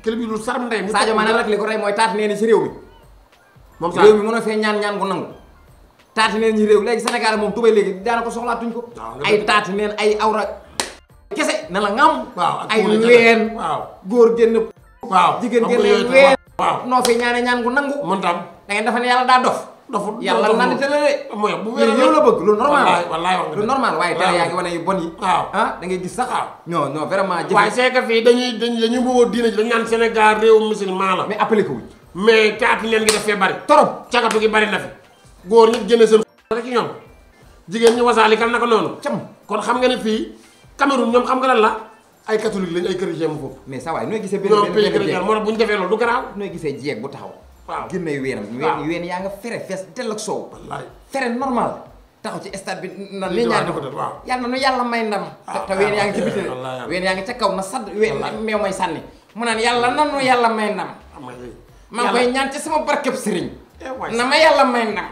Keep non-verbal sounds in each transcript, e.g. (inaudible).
kële bi lu sax ndey mu Sadio Mané rek li ko rey mooy taat nee na ci réew mi moom réew mi mën a fee ñaan ñaan gu nangu taati neen ñi réew léegi Sénégal moom tubay léegi daana ko soxlaatuñ ko ay taati neen ay awra kese na la ngam ay ween góor génn waaw jigéen génn ween noo fi ñaane ñaan gu nangu man tam da ngeen daa dof dafa yàlla na ne télé de mooy bu la bëgg loolu normal wallaay wax loolu normal waaye télé yaa ngi bon yi waaw ah ngay gis sax non non vraiment jëf waaye c'est que fii dañuy dañ dañuy bëggoo diine ji dañ naan Sénégal réewu musulman la mais appliqué wuñ mais caati leen gi daf fee bari torop cagatu gi bari na fi góor ñi génne seen rek ci ñoom jigéen ñi wasaali kan naka noonu cam kon xam nga ne fii Cameroun ñoom xam nga lan la ay catholique foofu nooy gisee benn moo tax bu ñu defee loolu du garaaw nooy gisee jeeg bu taxaw waaw génnay weenam. waaw ween yaa nga fere fees dell ak soow. wallaay fere normal. taxaw ci stade bi na ne ñaan yàlla na nu yàlla may ndam. Ah, te ween yaa ah, yaa ngi ca kaw na sadd ween meew may sànni mu naan yàlla na nu yàlla may ndam. maa ngi koy ñaan ci sama barkeb sëriñ. Eh, na ma yàlla may ndam.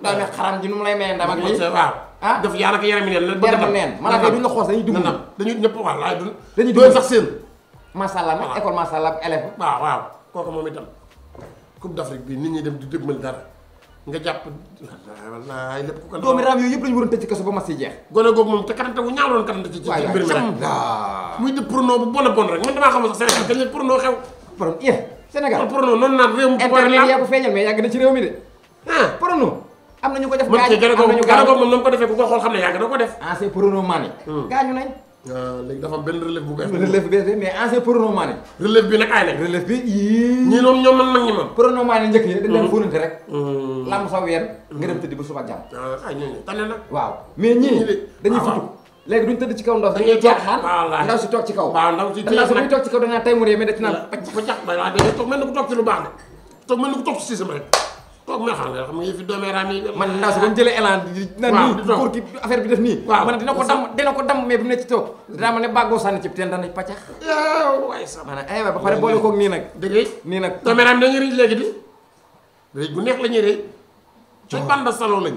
doomi xaram ji nu mu lay may ndam ak lii waaw. ah, ah? daf yaara ko yaram neen la bëgg a neen maanaam kay duñ la xoos dañuy dugg dañuy ñëpp wallaay duñ dañuy dugg sax seen macha allah nag école macha allah coupe d'Afrique bi nit ñi dem di dëgmal dara nga jàpp doomi raam yooyu yëpp lañu waroon tëj kaso ba mas yi jeex gone googu moom te karante wu ñaaw loon karante ci ci mbir de prono a bon rek man damaa xamul sax mu eh, internet yaa na ci ah. ko def gaañu nañ Euh, léegi dafa am benn relève bu bees. relève bu bees mais ancien pronom maane. relève bi nag aay nag. bi yii. ñii noonu ñoom man nag ñi man. pronom maane njëkk yi dañ leen mm-hmm. fóonante rek. Mm-hmm. Mm-hmm. nga dem si dañuy si kaw. waaw tey mu ree da ci naan pàcc. ba ba waaw da ngay toog ku toog ci lu rek kooku nga xam ne xam nga fi doomeeraam yi man ndaw si dañ jëlee élan di naan nii góor gi affaire bi def nii waaw man dina ko dam ko dam mais bu ma ne bàggoo sànni ci teen dana paccax waay sax maanaam ay waay ba pare boole koog nii nag dëgg nii nag doomeeraam dañuy rëy léegi di rëy bu neex la ñuy rëy ci banda salon lañ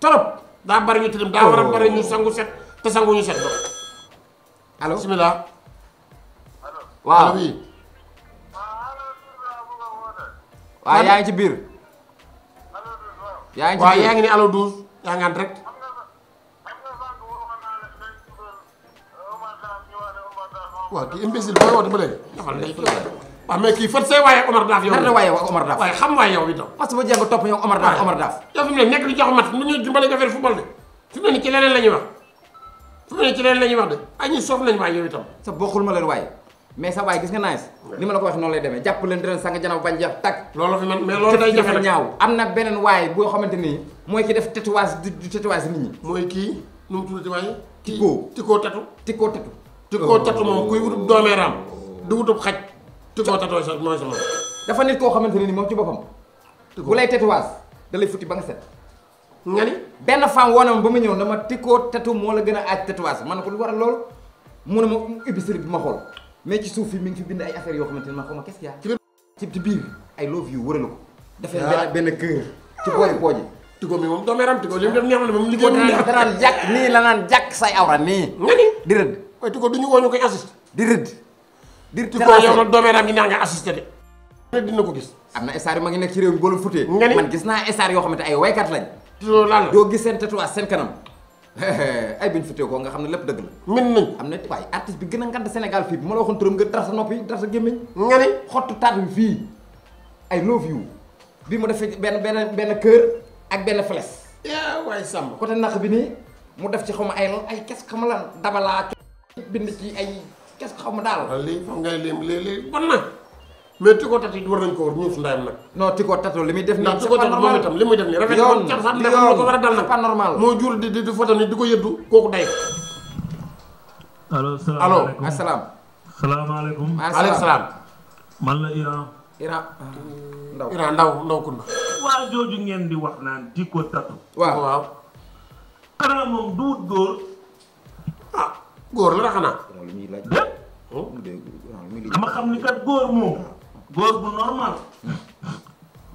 trop daa bari ñu tilim daa war a bari ñu oh. sangu set te sangu set ba bismillah waaw waaw yaa ngi ci biir yaa ngi ci biir waaw yaa ni allo douze yaa ngi ànd rek waaw kii imbécile booy woote ba waaw mais kii fan say waaye Omar Daaf yow. waaye ak waaye xam waaye yow itam. parce que ba jàng topp yow Omar Daaf Omar Daaf. yow fi mu nekk di jox mat mu ñuy dimbale nga fay football de fi mu ne ci leneen la wax fi mu ne ci leneen la ñuy wax de ay ñuy soof nañ waaye yow itam. sa bokkul ma leen waaye mais sa waay gis nga nice ni ma la ko wax noonu lay demee jàpp leen dina sanga janaw bañ jeex tàkk loolu fi man mais loolu day jafe waay boo xamante nii mooy ki def tatouage du tatouage mooy kii nu mu tuddati waaye tikoo tikoo tatu tikoo tatu tikoo Tyco tatouage sax mooy sama. dafa nit koo xamante ne ni moom ci boppam. bu lay tatouage da futti ba nga set. nga ni benn femme woo na ma ba mu ñëw dama Tyco tatou moo la gën a aaj tatouage man ko lu waral loolu mu ne ma ubbi sëriñ bi ma xool mais ci suuf ngi fi bind ay affaires yoo xamante ne ma xaw ci biir ay love you wëralu ko. dafay ah, benn benn kër ci boori pooji. Tyco mi moom doomu yaram Tyco li mu def neex na moom liggéey na. danaan jàkk nii la naan jàkk say awra nii. nga ni di rëdd. waaye Tyco du ñu woo ñu koy assist di di ko yow nag doomeeraam yi naa nga assisté de te dina ko gis am na star yu ma ngi nekk ci réew mi boo leen futee nga ni man gis naa star yoo xamante ay waykat lañ doo gis seen tatouage seen kanam (laughs) ay biñ futee nga xam ne lépp dëgg la min nañ am na waaye artiste bi gën a ngand Sénégal fii bu ma la waxoon turam nga dara sa noppi dara sa gémmiñ nga ni xottu taat bi fii ay love you bii mu defee benn benn benn kër ak benn fles yaa waay sàmm côté naq bi nii mu def ci xaw ma ay ay kes xama la dabalaa bind ci ay kes xaw ma daal. waaw léegi foog ngay léem léeg-léeg bon na. mais Tyco Tato it war ko war ñun su ndayam li muy def. nii c'est pas def nii rafet na def na ko a moo jur di di foto ni di ko yëddu kooku day. allo salaamaaleykum allo asalaam. salaamaaleykum. maaleykum moom duut góor. Ah, góor la xanaa. Oh. dama xam ni kat góor moom góor bu normal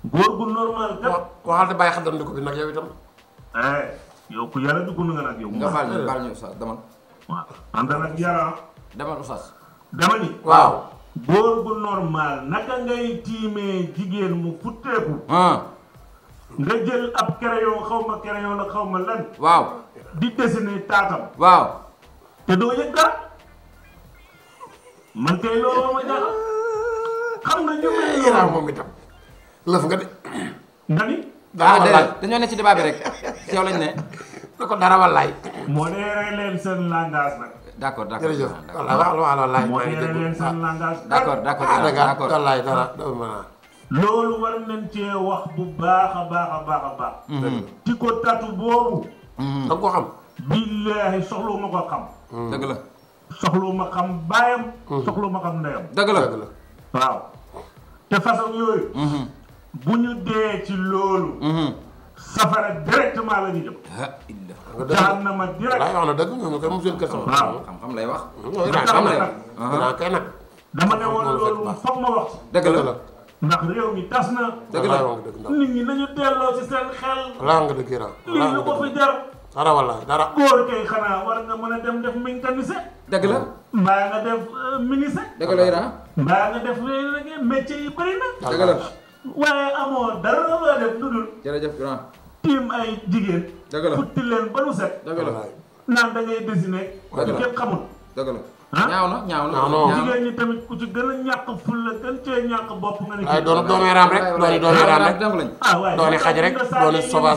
góor bu normal kat waxal te bàyyi xadam di ko fi nag yow itam eh, yow ku yàlla dugg na nga nag yow nga baal ñu baal ñu Oustaz demal waaw anta nag yàlla demal Oustaz dama ni waaw góor bu normal naka ngay tiimee jigéen mu futteeku nga jël ab crayon xaw ma crayon la xaw ma lan waaw di dessiner taatam waaw te doo yëg dara man kay loolu ma jaaxal xam nga ñu may Iran moom itam lëf nga de. dani dara ah, wallaay dañoo ne ci débat bi rek ci yow lañ ne. (laughs) ko dara wallaay. modéré leen seen langage nag. d' accord d' accord jërëjëf wallaay modéré leen seen ah, langage. d' accord d' accord ah, d' accord loolu war nañ cee wax bu baax a baax a baax a mm-hmm. mm-hmm. ma ko xam. dëgg la. soxlu ma xam baayam. Mhm. soxlu ma xam ndeyam. dëgg la dëgg la. waaw te façon yooyu. Mhm. bu ñu dee ci loolu. Mhm. safara directement la ñu jëm. jahannama na ma ñoom kay mu seen kër sama. waaw xam-xam lay wax. xam-xam lay ma wax. dëgg la. ndax réew tas na. dëgg la nit ñi nañu delloo ci seen xel. laa nga dëgg yàlla. lii lu fi jar. dara wallaahi dara. góor kay xanaa war nga mën a dem def mécanicien. dëgg la. mbaa nga def euh, ministre. dëgg la Iran. mbaa nga def euh, léeg-léeg métier yi bëri na. dëgg la waaye amoo dara la war a def lu dul. jërëjëf Iran. tiim ay jigéen. dëgg la futti leen ba nu set. dëgg la naan da ngay dessiné. dëgg la képp xamul. dëgg ñaaw na ñaaw na non jigéen ñi tamit a ñàkk fulla gën cee ñàkk bopp nga ne. waaye doon doonee raam rek dooni doonee raam rek dooni xaj rek dooni ah,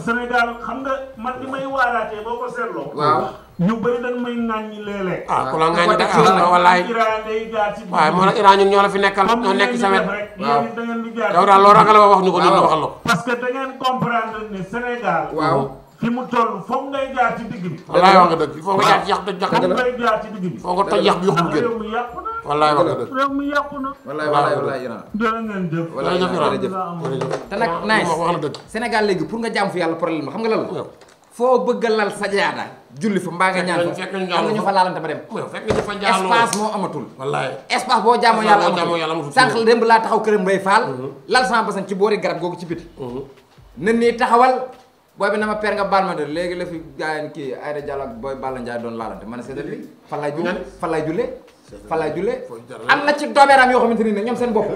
xam nga man li may waalaatee boo ko seetloo. waaw ñu bëri dañ may ŋàññi léeg-léeg. ah ku la ŋàññi da ah wallaay waaye moo la Iran ñun ñoo la fi nekkal ñoo nekk sa wet. waaw yow daal loo wax ñu ko ñun ko. parce que da comprendre ne Sénégal. fi mu toll foog ngay jaar ci digg bi. wallaay wax nga dëgg foo ko jaar ci toj joxe la ngay jaar ci bu génn na. wallaay wax nga na. wallaay wallaay wallaay Iran. jërë ngeen jëf. wallaay te nag nice na dëgg. Sénégal léegi pour nga jaam fi yàlla problème xam nga lan foo bëgg a lal sajaada julli fa mbaa nga ñaan fa am na ñu fa laalante ba dem espace moo amatul wallaay boo jaamoo yàlla amatul sànq la démb laa taxaw këram mbay faal mhm. lal sama basan ci boori garab googu ci biti na mhm. nii taxawal booy na ma per nga baal ma de léegi la fi gaayaan kii Aïda Diallo ak booy Balla Ndiaye doon laalante man a seetal bi fan laay julee fan laay am na ci doobeeraam yoo xamante ni ne ñoom seen bopp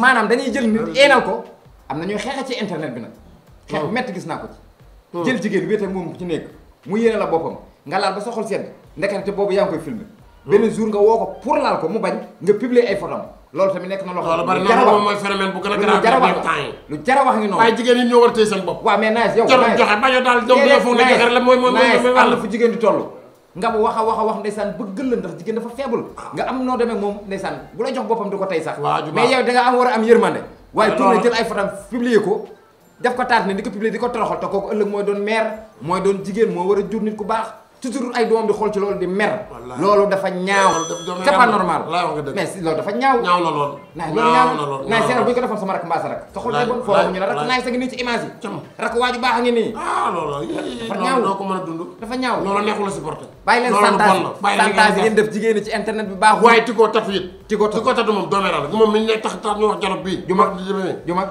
maanaam dañuy jël nit eenal ko am na ñuy xeexe ci internet bi nag oh. xeex métti gis naa ko ci oh. jël jigéen bi wéete moom ci nekk mu yéene la boppam nga laal ba sa xol sedd ndekete boobu yaa ngi koy filmé oh. benn jour nga woo ko pour laal ko mu bañ nga pible ay photos loolu tamit nekk na loo lu jar a wax mooy phénomène bu a grave même temps yi lu jar wax ngi noonu waaye jigéen ñi ñoo war a téye seen bopp waaw mais naes yow jarul joxe bañoo daal la mooy mooy àll fu wax a wax a wax ndeysaan bëggal la nga am noo demee moom ndeysaan bu la jox boppam di ko tey sax mais yow da nga am war a am yërmande waaye tourné jël ay photam publier ko def ko taat ne di ko publier di ko toroxal te kooku ëllëg mooy doon maire mooy doon jigéen moo war a jur nit ku baax toujours ay doom di xool ci loolu di mer. loolu dafa ñaaw. c'est pas normal. mais si loolu dafa ñaaw. ñaaw na lool. ñaaw na lool naay seeral bu ñu ko defoon sama Mbaasa rak. sa xol day bon foofu ñu ne rak naay sa ngi nii ci image yi. rak baax a ngi nii. ah loolu dafa ñaaw doo ko loolu neexul supporter. bàyyi leen santage santage yi ngeen def jigéen ci internet bi baaxul. waaye Tigo Tatu it. Tigo Tatu moom doomeera la moom mi ñu tax tax ñu wax jarab bii ju mag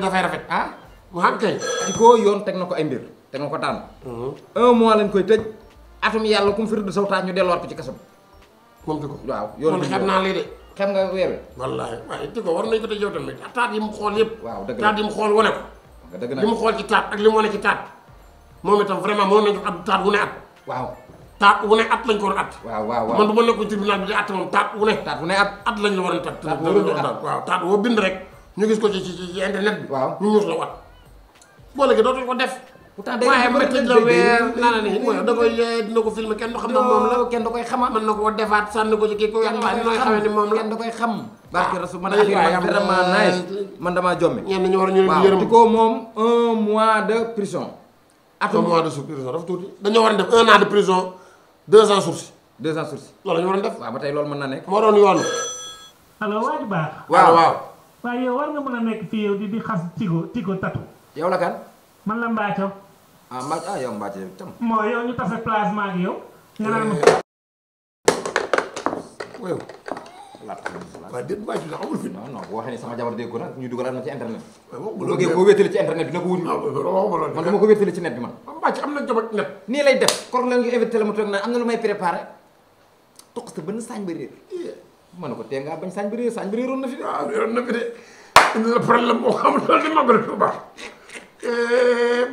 dafay rafet ah waaw kay di yoon teg na ko ay mbir teg na ko daan mhm. un mois lañ koy tëj atum yàlla kum firdu saw taat ñu delluwaat ko ci kaso bi moom di ko waaw yoon kon xam nga weer wi wallaahi waaye di ko war nañ ko tëj yow yi mu xool yëpp waaw dëgg taat yi mu xool wane ko dëgg mu xool ci taat ak li mu wane ci taat moom itam vraiment moom nañ ko ab taat wu at waaw taat wu ne at lañ a waaw waaw man bu ma nekkoon tribunal bi lañ la war waaw taat woo bind rek ñu gis ko ci ci internet bi. waaw ñu ñuus la ko def. pourtant day waaye ma tëj la eh, ko filmer kenn du xam ne moom la. kenn da koy xama mën koo defaat sànni ko ci kii ko wax mbaa nooy xamee ni moom la da koy xam. Ah, ah, ah, war ñu leen di yërëm ko moom un mois de prison. de prison tuuti dañoo war def un an de prison deux ans sursis. deux ba tey loolu man na nekk. moo doon yoon. alors waay bu baax. waaw waaw. waaye yow war nga mën a nekk fii yow di di xas tigo tigo tatu. yow la kan. man la Mbathio. ah Mbathio ah yow Mbathio yow tam. mooy yow ñu tase placement ak yow. nga naan ma. waaw. sax amul fi. non waxee ne sama jabar dégg ko ñu dugalaat ma ci internet. bu bëggee koo wéetale ci internet dina ko wut. man dama ko wéetale ci net bi man. Mbathio am na jabar net. nii lay def. kon la ñu invité la mu toog naan am na lu may préparé. toq sa benn saañ ba réer. ma ne ko tee ngaa bañ saañ bi réer saañ bi réeroon na fi de. waaw ah, réeroon na fi de indi la problème moo xam loolu di màggal Tuuba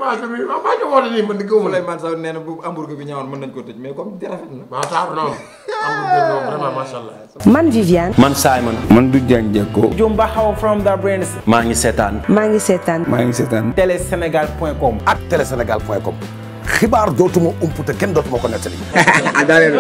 Baasi bi eh, waaw Baasi woote nii man di gëwuma. Souleymane Sow nee na bu hamburger bi ñëwoon mën nañ ko tëj mais comme di rafet na. waaw taaru na woon hamburger bi vraiment macha allah. man Viviane. man Simon. man Doudou Diagne Diecko. Jumba Xaw from the brains. maa ngi seetaan. maa ngi seetaan. maa ngi seetaan. télé sénégal point com. ak télé sénégal point com xibaar dootuma ump te kenn dootuma ko nettali. (laughs) Ah,